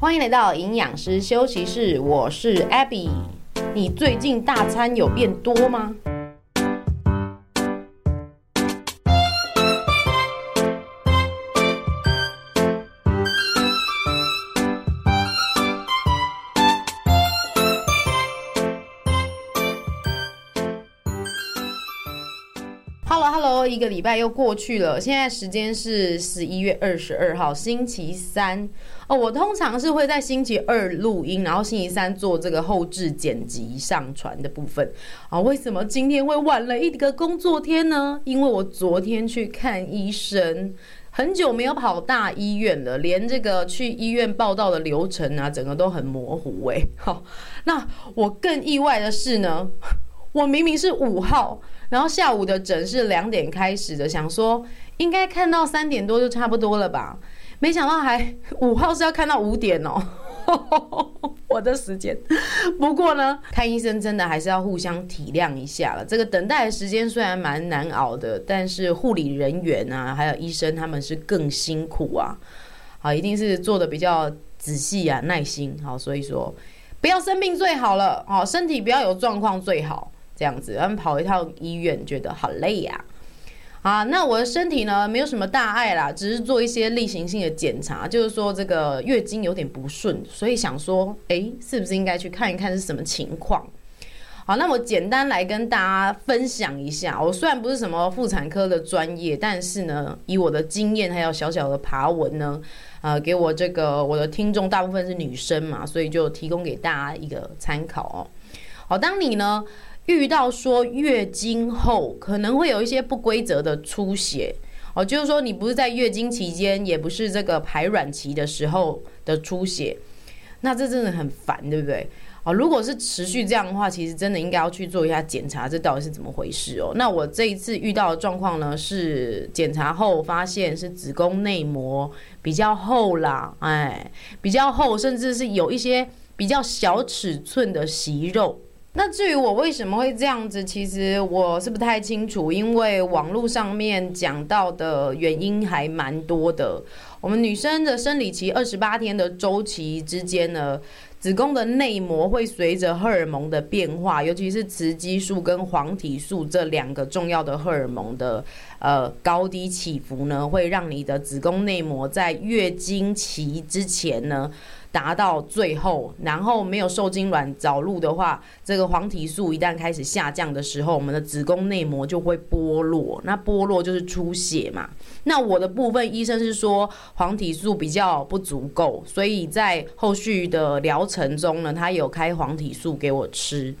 歡迎來到營養師休息室，我是 Abby。你最近大餐有變多嗎？一個禮拜又過去了，現在時間是十一月二十二號，星期三。哦，我通常是會在星期二錄音，然後星期三做這個後製剪輯、上傳的部分。啊、哦，為什麼今天會晚了一個工作天呢？因為我昨天去看醫生，很久沒有跑大醫院了，連這個去醫院報到的流程啊，整個都很模糊、欸。喂，好，那我更意外的是呢，我明明是五號。然後下午的診是兩點開始的，想說應該看到三點多就差不多了吧，沒想到還五號是要看到五點哦， 我的時間。不過呢，看醫生真的還是要互相體諒一下了。這個等待的時間雖然蠻難熬的，但是護理人員啊，還有醫生他們是更辛苦啊，好、啊，一定是做得比較仔細啊、耐心好、啊，所以說不要生病最好了，好、啊，身體不要有狀況最好。這樣子，他們跑一趟醫院，覺得好累呀、啊！啊，那我的身體呢，沒有什麼大礙啦，只是做一些例行性的檢查，就是說這個月經有點不順，所以想說，誒、欸，是不是應該去看一看是什麼情況？好，那我簡單來跟大家分享一下。我雖然不是什麼婦產科的專業，但是呢，以我的經驗還有小小的爬文呢，啊、呃，給我這個我的聽眾大部分是女生嘛，所以就提供給大家一個參考哦、喔。好，當你呢？遇到說月經後可能會有一些不規則的出血哦，就是說你不是在月經期間，也不是這個排卵期的時候的出血，那這真的很煩，對不對？哦，如果是持續這樣的話，其實真的應該要去做一下檢查，這到底是怎麼回事哦？那我這一次遇到的狀況呢，是檢查後發現是子宮內膜比較厚啦，哎，比較厚，甚至是有一些比較小尺寸的息肉。那至於我為什麼會這樣子，其實我是不太清楚，因為網絡上面講到的原因還蠻多的。我們女生的生理期二十八天的周期之間呢，子宮的內膜會隨着荷爾蒙的變化，尤其是雌激素跟黃體素這兩個重要的荷爾蒙的，呃，高低起伏呢，會讓你的子宮內膜在月經期之前呢。達到最後，然後沒有受精卵著床的話，這個黃體素一旦開始下降的時候，我們的子宮內膜就會剝落，那剝落就是出血嘛。那我的部分醫生是說黃體素比較不足夠，所以在後續的療程中呢，他有開黃體素給我吃。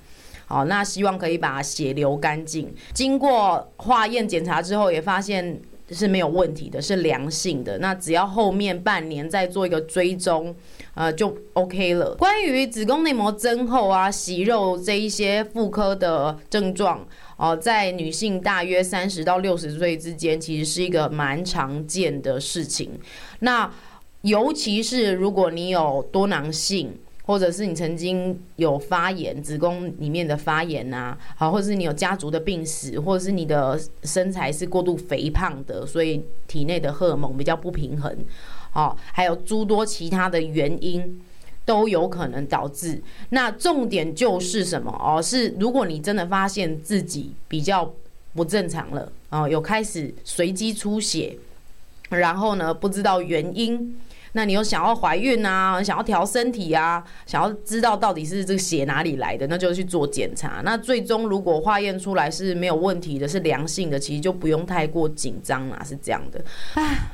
好，那希望可以把血流乾淨。經過化驗檢查之後，也發現是沒有問題的，是良性的。那只要後面半年再做一個追蹤。呃，就 OK 了。關於子宮內膜增厚啊、息肉這一些婦科的症狀，哦，呃，在女性大約三十到六十歲之間，其實是一個蠻常見的事情。那尤其是如果你有多囊性，或者是你曾經有發炎，子宮裡面的發炎啊，好，啊，或者是你有家族的病史，或者是你的身材是過度肥胖的，所以體內的荷爾蒙比較不平衡。哦，還有諸多其他的原因都有可能導致。那重點就是什麼？哦，是如果你真的發現自己比較不正常了，哦，有開始隨機出血，然後呢，不知道原因。那你又想要懷孕啊？想要調身體啊？想要知道到底是這個血哪裡來的？那就去做檢查。那最終如果化驗出來是沒有問題的，是良性的，其實就不用太過緊張啦。是這樣的。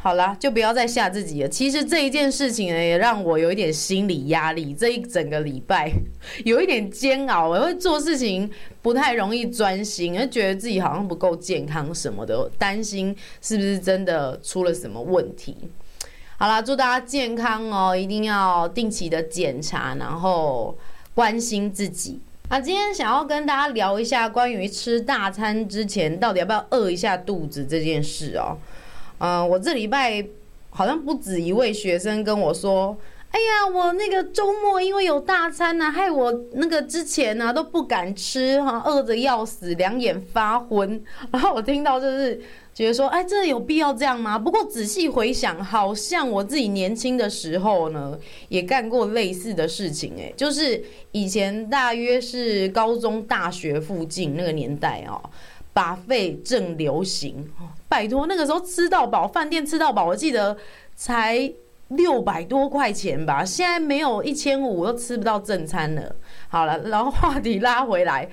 好啦，就不要再嚇自己了。其實這一件事情也讓我有一點心理壓力，這一整個禮拜有一點煎熬、欸。我會做事情不太容易專心，而覺得自己好像不夠健康什麼的，擔心是不是真的出了什麼問題。好啦，祝大家健康哦！一定要定期的檢查，然後關心自己。啊，今天想要跟大家聊一下關於吃大餐之前到底要不要餓一下肚子這件事哦。嗯，我這禮拜好像不止一位學生跟我說：“哎呀，我那個週末因為有大餐呢，害我那個之前呢都不敢吃哈，餓得要死，兩眼發昏。”然後我聽到就是。覺得說，哎、欸，這有必要這樣嗎？不過仔細回想，好像我自己年輕的時候呢，也幹過類似的事情、欸。哎，就是以前大約是高中、大學附近那個年代哦、喔，Buffet 正流行，喔、拜托那個時候吃到飽，飯店吃到飽，我記得才六百多塊錢吧，現在沒有一千五，我都吃不到正餐了。好了，然後話題拉回來，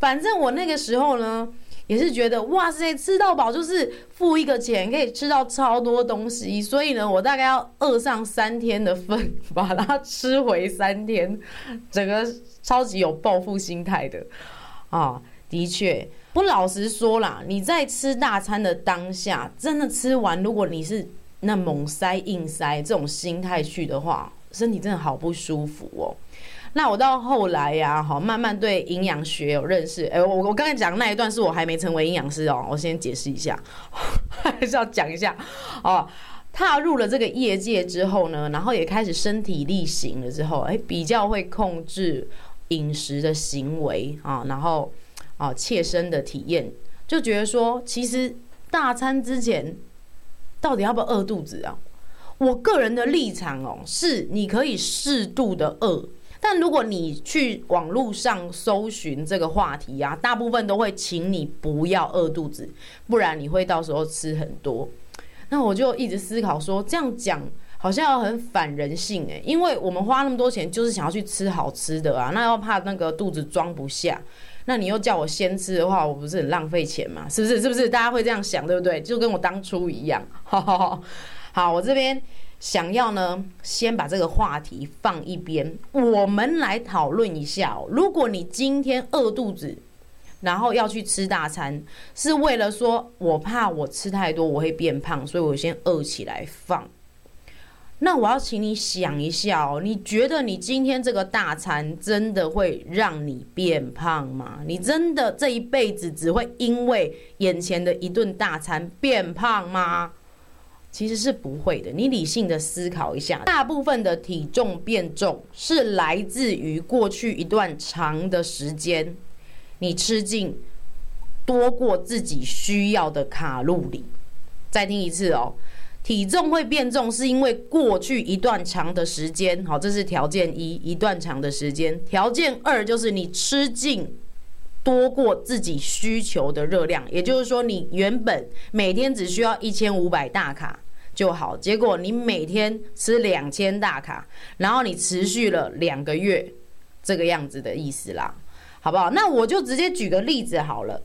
反正我那個時候呢。也是覺得哇塞，吃到飽就是付一個錢可以吃到超多東西，所以呢，我大概要餓上三天的份，把它吃回三天，整個超級有報復心態的啊！的確，不過老實說啦，你在吃大餐的當下，真的吃完，如果你是那猛塞硬塞這種心態去的話，身體真的好不舒服哦、喔。那我到後來呀，好慢慢對營養學有認識。欸，我我剛才講那一段是我還沒成為營養師喔，我先解釋一下，還是要講一下喔。踏入了這個業界之後呢，然後也開始身體力行了之後，欸，比較會控制飲食的行為啊，然後啊，切身的體驗，就覺得說，其實大餐之前到底要不要餓肚子啊？我個人的立場喔，是你可以適度的餓。但如果你去網路上搜尋這個話題啊，大部分都會請你不要餓肚子，不然你會到時候吃很多。那我就一直思考說，這樣講好像很反人性誒、欸，因為我們花那麼多錢就是想要去吃好吃的啊，那要怕那個肚子裝不下，那你又叫我先吃的話，我不是很浪費錢嘛？是不是？是不是？大家會這樣想，對不對？就跟我當初一樣， 好，我這邊。想要呢，先把這個話題放一邊，我們來討論一下喔，如果你今天餓肚子，然後要去吃大餐，是為了說我怕我吃太多我會變胖，所以我先餓起來放。那我要請你想一下哦，你覺得你今天這個大餐真的會讓你變胖嗎？你真的這一輩子只會因為眼前的一頓大餐變胖嗎？其實是不會的，你理性的思考一下，大部分的體重變重是來自於過去一段長的時間，你吃進多過自己需要的卡路里。再聽一次哦，體重會變重是因為過去一段長的時間，好，這是條件一，一段長的時間。條件二就是你吃進多過自己需求的熱量，也就是說，你原本每天只需要1500大卡。就好，結果你每天吃兩千大卡，然後你持續了兩個月，這個樣子的意思啦，好不好？那我就直接舉個例子好了，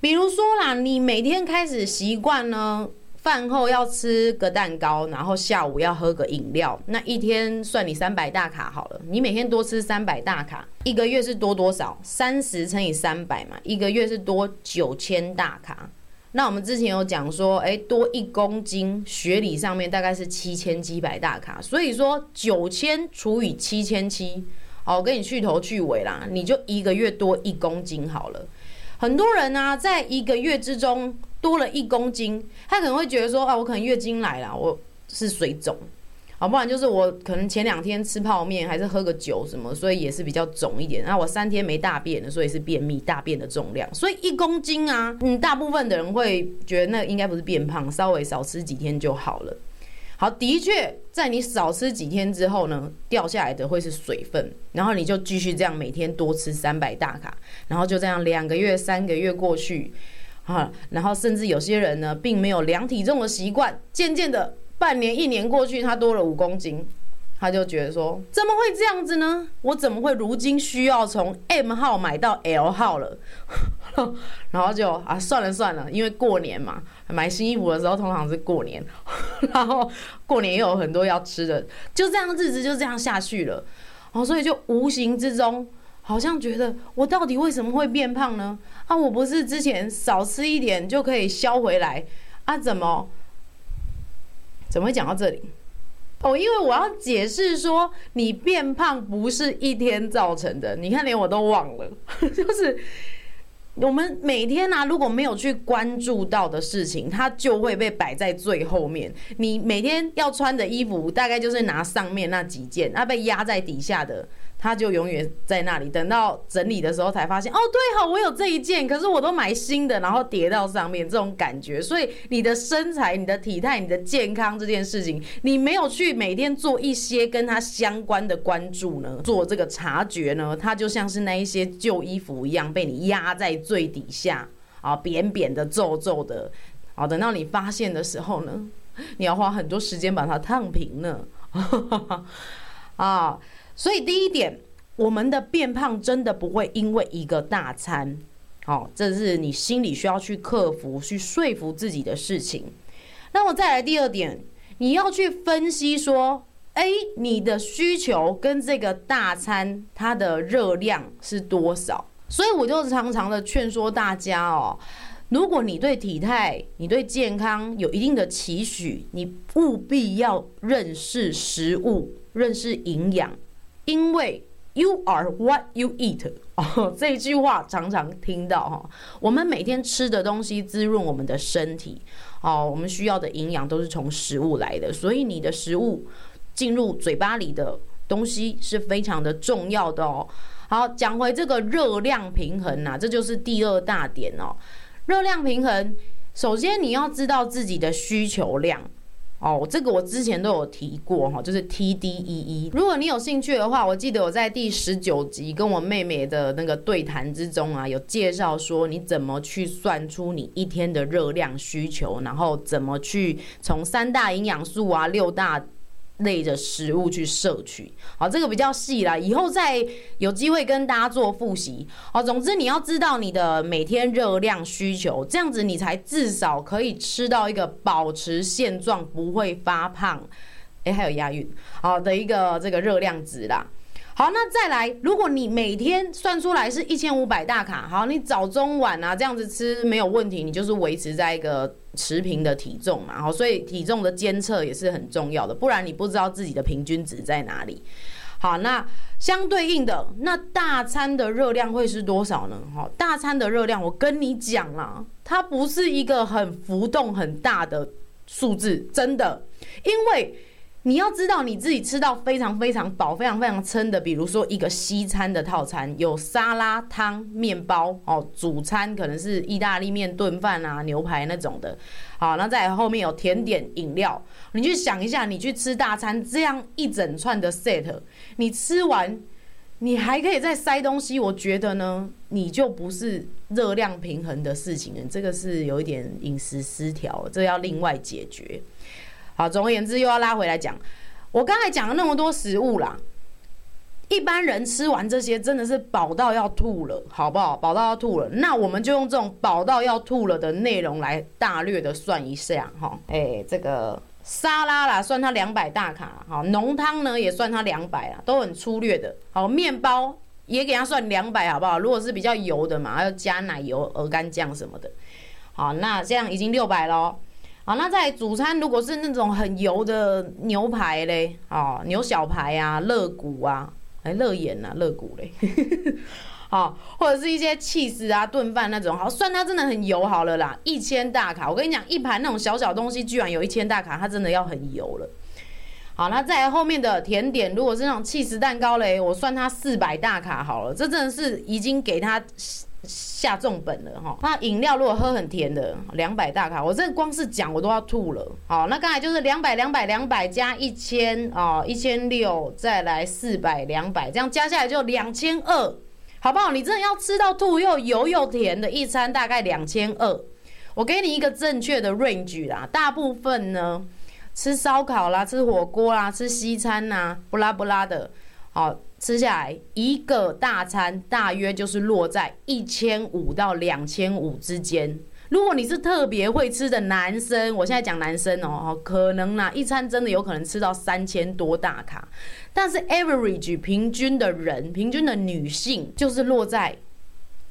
比如說啦，你每天開始習慣呢，飯後要吃個蛋糕，然後下午要喝個飲料，那一天算你三百大卡好了，你每天多吃三百大卡，一個月是多多少？三十乘以三百嘛，一個月是多九千大卡。那我們之前有講說，哎，多一公斤學理上面大概是七千七百大卡，所以說九千除以七千七，好，我跟你去頭去尾啦，你就一個月多一公斤好了。很多人呢，啊，在一個月之中多了一公斤，他可能會覺得說，啊，我可能月經來了，我是水腫。好，不然就是我可能前兩天吃泡麵，還是喝個酒什麼，所以也是比較腫一點。那我三天沒大便了，所以是便秘，大便的重量。所以一公斤啊，嗯，大部分的人會覺得那應該不是變胖，稍微少吃幾天就好了。好，的確，在你少吃幾天之後呢，掉下來的會是水分，然後你就繼續這樣每天多吃三百大卡，然後就這樣兩個月、三個月過去，啊，然後甚至有些人呢，並沒有量體重的習慣，漸漸的。半年一年過去，他多了五公斤，他就覺得說怎麼會這樣子呢？我怎麼會如今需要從 M 號買到 L 號了？ 然後就啊算了算了，因為過年嘛，買新衣服的時候通常是過年， 然後過年也有很多要吃的，就這樣日子就這樣下去了。哦，所以就無形之中，好像覺得我到底為什麼會變胖呢？啊，我不是之前少吃一點就可以消回來啊？怎麼？怎麼會講到這裡？哦、oh，因為我要解釋說，你變胖不是一天造成的。你看，連我都忘了， 就是我們每天拿、啊、如果沒有去關注到的事情，它就會被擺在最後面。你每天要穿的衣服，大概就是拿上面那幾件，那、啊、被壓在底下的。它就永遠在那裡，等到整理的時候才發現，哦，對哈、哦，我有這一件，可是我都買新的，然後疊到上面，這種感覺。所以你的身材、你的體態、你的健康這件事情，你沒有去每天做一些跟它相關的關注呢，做這個察覺呢，它就像是那一些舊衣服一樣，被你壓在最底下，啊，扁扁的、皺皺的，好、啊，等到你發現的時候呢，你要花很多時間把它燙平呢， 啊。所以第一點，我們的變胖真的不會因為一個大餐，哦，這是你心裡需要去克服、去說服自己的事情。那麼再來第二點，你要去分析說，誒，你的需求跟這個大餐它的熱量是多少？所以我就常常的勸說大家哦，如果你對體態、你對健康有一定的期許，你務必要認識食物、認識營養。因為 you are what you eat，哦，這句話常常聽到哈，我們每天吃的東西滋潤我們的身體，哦，我們需要的營養都是從食物來的，所以你的食物進入嘴巴裡的東西是非常的重要的哦。好，講回這個熱量平衡呐，啊，這就是第二大點哦。熱量平衡，首先你要知道自己的需求量。哦，這個我之前都有提過哈，就是 TDEE。如果你有興趣的話，我記得我在第十九集跟我妹妹的那個對談之中啊，有介紹說你怎麼去算出你一天的熱量需求，然後怎麼去從三大營養素啊、六大。類的食物去攝取，好，這個比較細啦，以後再有機會跟大家做複習。好，總之你要知道你的每天熱量需求，這樣子你才至少可以吃到一個保持現狀不會發胖，哎、欸，還有押韻，好的一個這個熱量值啦。好，那再來，如果你每天算出來是一千五百大卡，好，你早中晚啊這樣子吃沒有問題，你就是維持在一個持平的體重嘛，好，所以體重的監測也是很重要的，不然你不知道自己的平均值在哪裡。好，那相對應的，那大餐的熱量會是多少呢？好，大餐的熱量我跟你講啦，它不是一個很浮動很大的數字，真的，因為。你要知道你自己吃到非常非常飽、非常非常撐的，比如說一個西餐的套餐，有沙拉、湯、麵包哦，主餐可能是意大利麵、燉飯啊、牛排那種的，好，那在後面有甜點、飲料。你去想一下，你去吃大餐這樣一整串的 set，你吃完，你還可以再塞東西，我覺得呢，你就不是熱量平衡的事情了，這個是有一點飲食失調，這個要另外解決。好，總而言之又要拉回來講，我剛才講了那麼多食物啦，一般人吃完這些真的是飽到要吐了，好不好？飽到要吐了，那我們就用這種飽到要吐了的內容來大略的算一下哈。誒、欸，這個沙拉啦，算它兩百大卡，好，濃湯呢也算它兩百啊，都很粗略的。好，麵包也給它算兩百，好不好？如果是比較油的嘛，要加奶油、鵝肝醬什麼的。好，那這樣已經六百咯。好，那再來主餐如果是那種很油的牛排嘞，哦，牛小排啊，肋骨啊，哎，肋眼啊、肋骨嘞，好、哦，或者是一些起司啊，燉飯那種，好，算它真的很油好了啦，一千大卡。我跟你講，一盤那種小小東西居然有一千大卡，它真的要很油了。好，那再來後面的甜點，如果是那種起司蛋糕嘞，我算它四百大卡好了，這真的是已經給它。下重本了哈、哦，那飲料如果喝很甜的，兩百大卡，我這光是講我都要吐了。好、哦，那剛才就是兩百兩百兩百加一千啊，一千六再來四百兩百，這樣加下來就兩千二，好不好？你真的要吃到吐又油又甜的一餐大概兩千二，我給你一個正確的 range 啦。大部分呢，吃燒烤啦，吃火鍋啦，吃西餐啦，不拉不拉的，好、哦。吃下來一個大餐，大約就是落在一千五到兩千五之間。如果你是特別會吃的男生，我現在講男生哦、喔，可能啦，一餐真的有可能吃到三千多大卡。但是 average 平均的人，平均的女性就是落在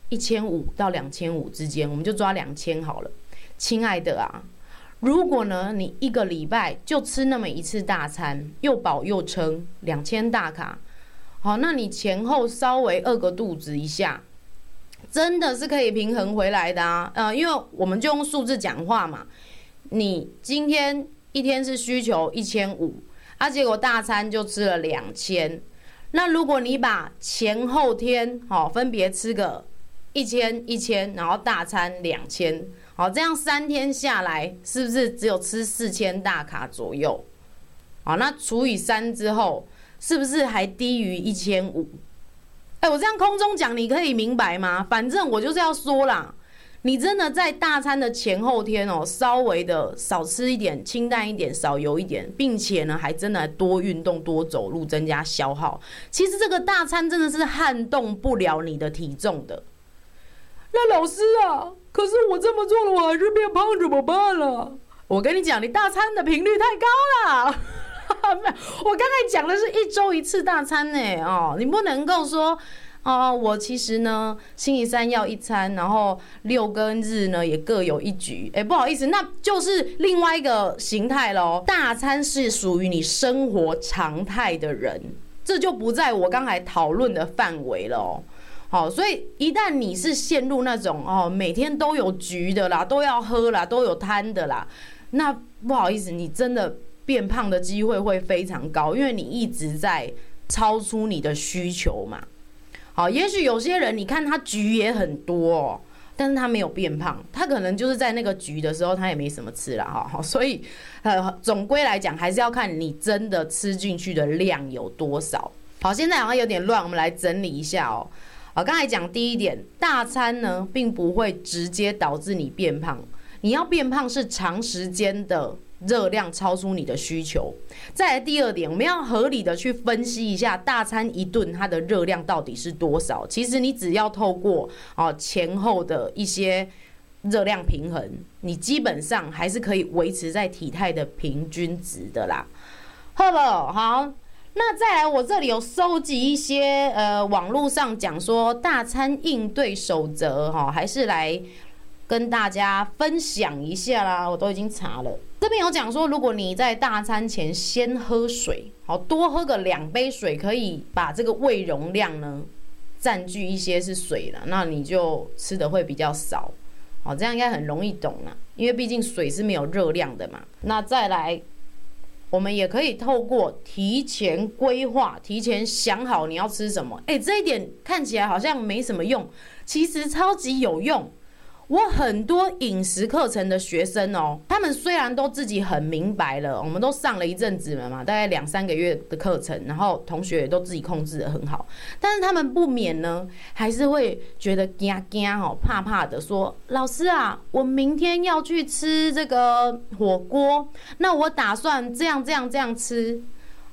一千五到兩千五之間，我們就抓兩千好了。親愛的啊，如果呢你一個禮拜就吃那麼一次大餐，又飽又撐，兩千大卡。好，那你前後稍微餓個肚子一下，真的是可以平衡回來的啊。呃，因為我們就用數字講話嘛。你今天一天是需求一千五，啊，結果大餐就吃了兩千。那如果你把前後天好、喔、分別吃個一千一千，然後大餐兩千，好，這樣三天下來是不是只有吃四千大卡左右？好，那除以三之後。是不是還低於一千五？哎，我這樣空中講，你可以明白嗎？反正我就是要說啦，你真的在大餐的前後天哦、喔，稍微的少吃一點，清淡一點，少油一點，並且呢，還真的多運動，多走路，增加消耗。其實這個大餐真的是撼動不了你的體重的。那老師啊，可是我這麼做了，我還是變胖，怎麼辦了、啊？我跟你講，你大餐的頻率太高了。沒有， 我剛才講的是一周一次大餐呢，哦，你不能夠說，哦，我其實呢，星期三要一餐，然後六跟日呢也各有一局，哎，不好意思，那就是另外一個形態嘍。大餐是屬於你生活常態的人，這就不在我剛才討論的範圍了。哦，所以一旦你是陷入那種哦、喔，每天都有局的啦，都要喝啦，都有攤的啦，那不好意思，你真的。變胖的機會會非常高，因為你一直在超出你的需求嘛。好，也許有些人你看他局也很多喔，但是他沒有變胖，他可能就是在那個局的時候他也沒什麼吃了哈。好，所以，呃，總歸來講還是要看你真的吃進去的量有多少。好，現在好像有點亂，我們來整理一下哦。好，剛才講第一點，大餐呢並不會直接導致你變胖，你要變胖是長時間的。熱量超出你的需求，再來第二點，我們要合理的去分析一下大餐一頓它的熱量到底是多少。其實你只要透過哦前後的一些熱量平衡，你基本上還是可以維持在體態的平均值的啦。哈囉，好，那再來我這裡有收集一些呃網絡上講說大餐應對守則哈，還是來跟大家分享一下啦。我都已經查了。這邊有講說，如果你在大餐前先喝水，好，多喝個兩杯水，可以把這個胃容量呢占據一些是水了，那你就吃的會比較少，好，這樣應該很容易懂了，因為畢竟水是沒有熱量的嘛。那再來，我們也可以透過提前規劃、提前想好你要吃什麼，欸，這一點看起來好像沒什麼用，其實超級有用。我很多飲食課程的學生哦、喔，他們雖然都自己很明白了，我們都上了一陣子了嘛，大概兩三個月的課程，然後同學也都自己控制得很好，但是他們不免呢，還是會覺得驚驚哦，怕怕的說，說老師啊，我明天要去吃這個火鍋，那我打算這樣這樣這樣吃。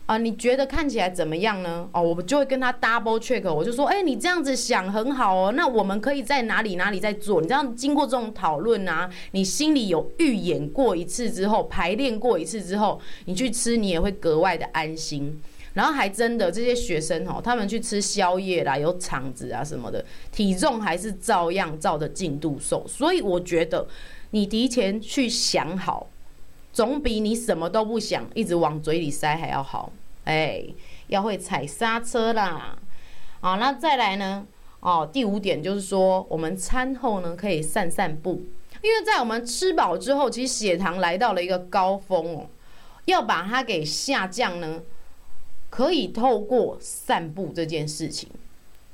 啊、呃，你覺得看起來怎麼樣呢？哦，我們就會跟他 double check，我就說，哎、欸，你這樣子想很好哦、喔，那我們可以在哪裡哪裡在做？你這樣經過這種討論啊，你心裡有預演過一次之後，排練過一次之後，你去吃，你也會格外的安心。然後還真的，這些學生哦、喔，他們去吃宵夜啦，有腸子啊什麼的，體重還是照樣照着進度瘦。所以我覺得，你提前去想好。總比你什麼都不想，一直往嘴裡塞還要好。哎，要會踩剎車啦。好，那再來呢？哦，第五點就是說，我們餐後呢可以散散步，因為在我們吃飽之後，其實血糖來到了一個高峰哦，要把它給下降呢，可以透過散步這件事情，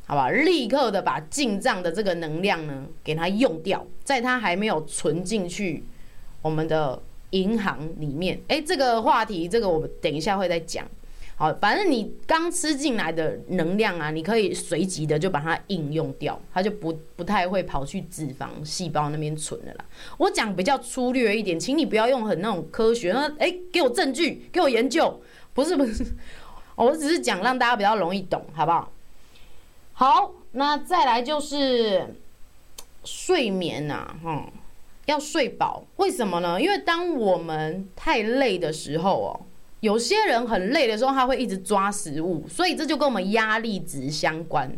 好吧，立刻的把進賬的這個能量呢，給它用掉，在它還沒有存進去我們的。銀行裡面，哎、欸，這個話題，這個我等一下會再講。好，反正你剛吃進來的能量啊，你可以隨即的就把它應用掉，它就不不太會跑去脂肪細胞那邊存了啦。我講比較粗略一點，請你不要用很那種科學，那、欸、哎，給我證據，給我研究，不是不是，我只是講讓大家比較容易懂，好不好？好，那再來就是睡眠吶、啊、哈、嗯。要睡飽，為什麼呢？因為當我們太累的時候哦，有些人很累的時候，他會一直抓食物，所以這就跟我們壓力值相關。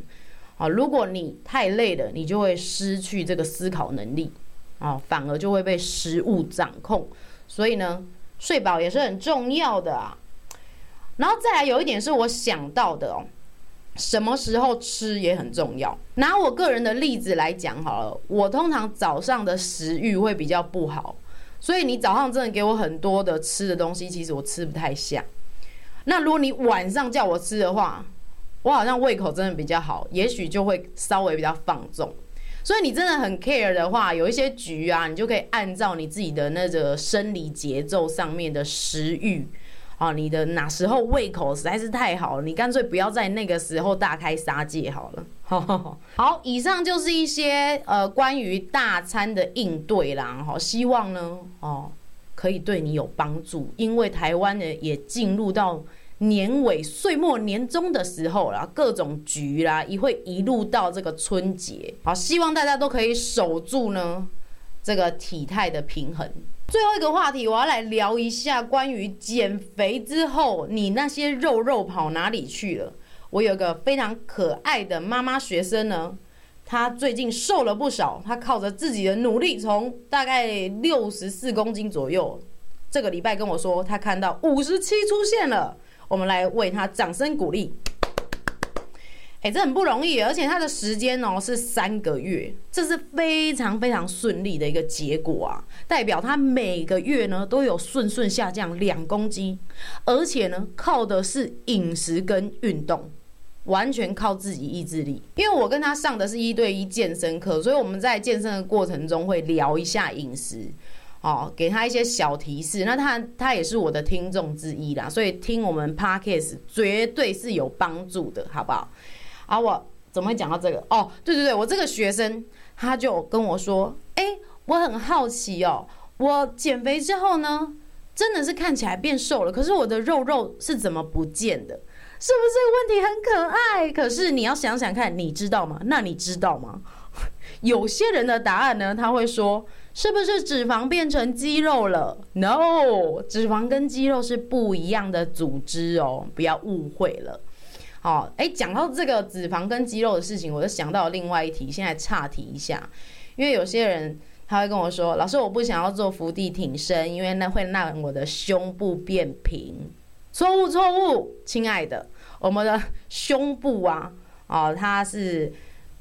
啊。如果你太累了，你就會失去這個思考能力，啊，反而就會被食物掌控。所以呢，睡飽也是很重要的啊。然後再來有一點是我想到的哦。什麼時候吃也很重要。拿我個人的例子來講好了，我通常早上的食慾會比較不好，所以你早上真的給我很多的吃的東西，其實我吃不太下。那如果你晚上叫我吃的話，我好像胃口真的比較好，也許就會稍微比較放縱。所以你真的很 care 的話，有一些局啊，你就可以按照你自己的那個生理節奏上面的食慾。哦，你的哪時候胃口實在是太好了，你乾脆不要在那個時候大開殺戒好了。 好，以上就是一些呃關於大餐的應對啦，好，希望呢哦可以對你有幫助，因為台灣呢也進入到年尾、歲末、年終的時候啦，各種局啦，也會一路到這個春節。好，希望大家都可以守住呢這個體態的平衡。最後一個話題，我要來聊一下關於減肥之後你那些肉肉跑哪裡去了。我有個非常可愛的媽媽學生呢，她最近瘦了不少，她靠着自己的努力，從大概六十四公斤左右，這個禮拜跟我說，她看到五十七出現了，我們來為她掌聲鼓勵。哎、欸，這很不容易，而且他的時間哦是三個月，這是非常非常順利的一個結果啊，代表他每個月呢都有順順下降兩公斤，而且呢靠的是飲食跟運動，完全靠自己意志力。因為我跟他上的是一對一健身課，所以我們在健身的過程中會聊一下飲食，哦，給他一些小提示。那他他也是我的聽眾之一啦，所以聽我們 Podcast 絕對是有幫助的，好不好？好，我怎麼會講到這個？哦，對對對，我這個學生他就跟我說：“哎，我很好奇哦，我減肥之後呢，真的是看起來變瘦了，可是我的肉肉是怎麼不見的？是不是這個問題很可愛？可是你要想想看，你知道嗎？那你知道嗎？有些人的答案呢，他會說：是不是脂肪變成肌肉了？No，脂肪跟肌肉是不一樣的組織哦，不要誤會了。”哦，哎，講到這個脂肪跟肌肉的事情，我就想到另外一題，現在岔題一下，因為有些人他會跟我說：“老師，我不想要做伏地挺身，因為那會讓我的胸部變平。”錯誤，錯誤，親愛的，我們的胸部啊，哦，它是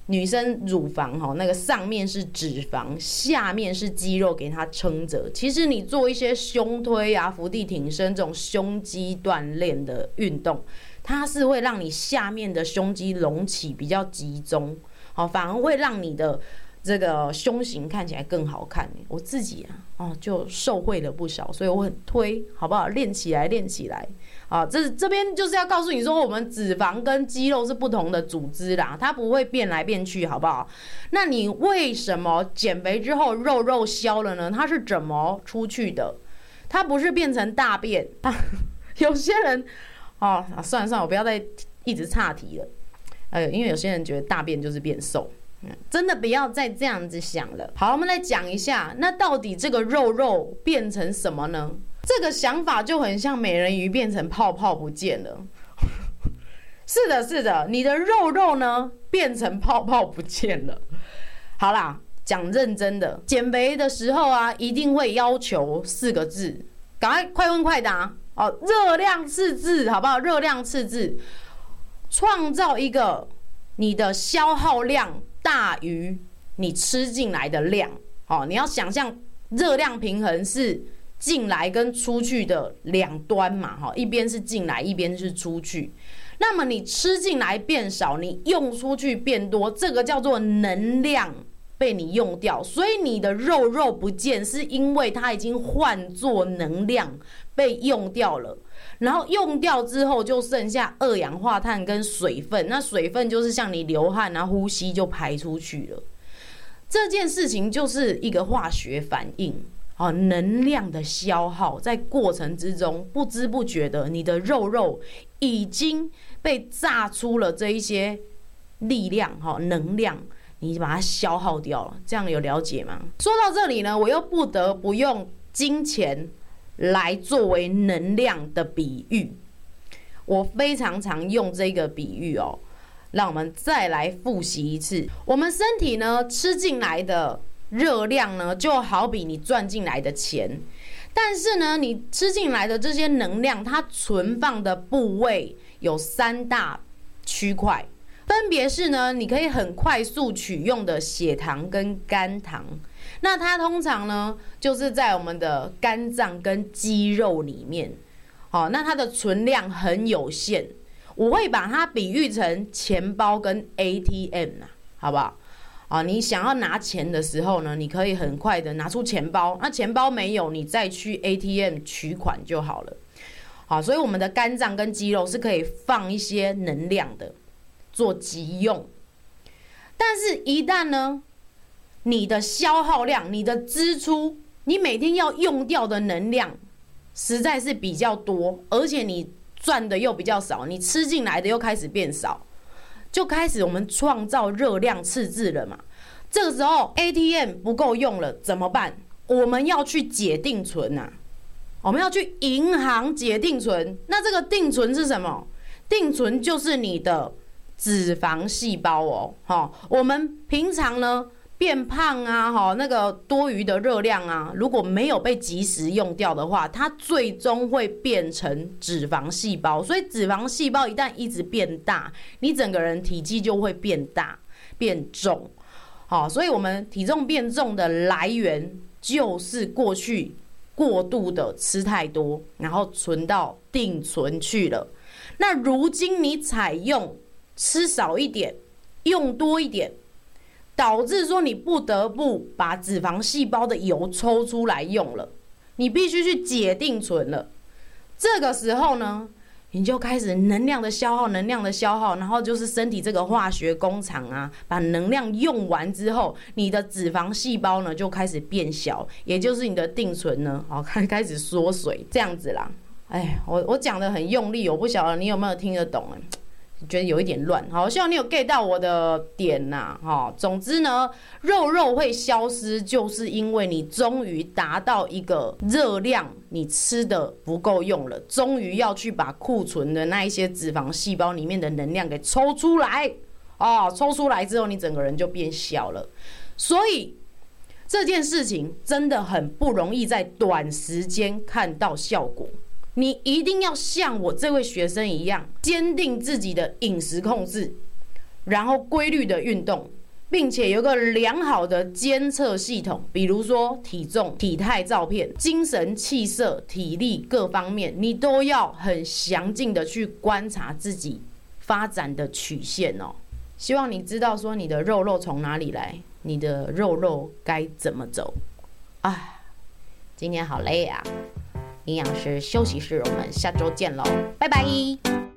女生乳房哦，那個上面是脂肪，下面是肌肉給它撐着。其實你做一些胸推啊、伏地挺身這種胸肌鍛鍊的運動。它是會讓你下面的胸肌隆起比較集中，好，反而會讓你的這個胸型看起來更好看，欸。我自己啊，哦，就受惠了不少，所以我很推，好不好？練起來，練起來，啊，這這邊就是要告訴你說，我們脂肪跟肌肉是不同的組織啦，它不會變來變去，好不好？那你為什麼減肥之後肉肉消了呢？它是怎麼出去的？它不是變成大便，有些人。哦，算了算了，我不要再一直岔題了。哎、呃，因為有些人覺得大便就是變瘦，真的不要再這樣子想了。好，我們來講一下，那到底這個肉肉變成什麼呢？這個想法就很像美人魚變成泡泡不見了。 是的，是的，你的肉肉呢變成泡泡不見了。好啦，講認真的，減肥的時候啊，一定會要求四個字，趕快快問快答。哦，熱量赤字，好不好？熱量赤字，創造一個你的消耗量大於你吃進來的量。哦，你要想象熱量平衡是進來跟出去的兩端嘛，哈、哦，一邊是進來，一邊是出去。那麼你吃進來變少，你用出去變多，這個叫做能量。被你用掉，所以你的肉肉不見，是因為它已經換作能量被用掉了。然後用掉之後，就剩下二氧化碳跟水分。那水分就是像你流汗啊，呼吸就排出去了。這件事情就是一個化學反應啊，能量的消耗，在過程之中不知不覺的，你的肉肉已經被榨出了這一些力量哈、啊，能量。你把它消耗掉了，這樣有了解嗎？說到這裡呢，我又不得不用金錢來作為能量的比喻，我非常常用這個比喻哦、喔。讓我們再來複習一次，我們身體呢，吃進來的熱量呢，就好比你賺進來的錢，但是呢，你吃進來的這些能量，它存放的部位有三大區塊。分別是呢，你可以很快速取用的血糖跟肝糖，那它通常呢，就是在我們的肝臟跟肌肉裡面，哦。那它的存量很有限，我會把它比喻成錢包跟 ATM 啊，好不好？啊、哦，你想要拿錢的時候呢，你可以很快的拿出錢包，那錢包沒有，你再去 ATM 取款就好了。好、哦，所以我們的肝臟跟肌肉是可以放一些能量的。做急用，但是，一旦呢，你的消耗量、你的支出、你每天要用掉的能量，實在是比較多，而且你賺的又比較少，你吃進來的又開始變少，就開始我們創造熱量赤字了嘛。這個時候 ATM 不夠用了，怎麼辦？我們要去解定存吶、啊，我們要去銀行解定存。那這個定存是什麼？定存就是你的。脂肪細胞哦，哈、哦，我們平常呢變胖啊，哈、哦，那個多餘的熱量啊，如果沒有被及時用掉的話，它最終會變成脂肪細胞。所以脂肪細胞一旦一直變大，你整個人體積就會變大變重，好、哦，所以我們體重變重的來源就是過去過度的吃太多，然後存到定存去了。那如今你採用。吃少一點，用多一點，導致說你不得不把脂肪細胞的油抽出來用了，你必須去解定存了。這個時候呢，你就開始能量的消耗，能量的消耗，然後就是身體這個化學工廠啊，把能量用完之後，你的脂肪細胞呢就開始變小，也就是你的定存呢，好，開開始縮水，這樣子啦。哎，我我講得很用力，我不曉得你有沒有聽得懂哎、啊。覺得有一點亂，好，希望你有 get 到我的點啊，哦，總之呢，肉肉會消失，就是因為你終於達到一個熱量，你吃的不夠用了，終於要去把庫存的那一些脂肪細胞裡面的能量給抽出來，哦，抽出來之後，你整個人就變小了。所以這件事情真的很不容易在短時間看到效果。你一定要像我這位學生一樣，堅定自己的飲食控制，然後規律的運動，並且有個良好的監測系統，比如說體重、體態照片、精神、氣色、體力各方面，你都要很詳盡的去觀察自己發展的曲線哦、喔。希望你知道說你的肉肉從哪裡來，你的肉肉該怎麼走。啊，今天好累啊。營養師休息室，我們下周見嘍，拜拜。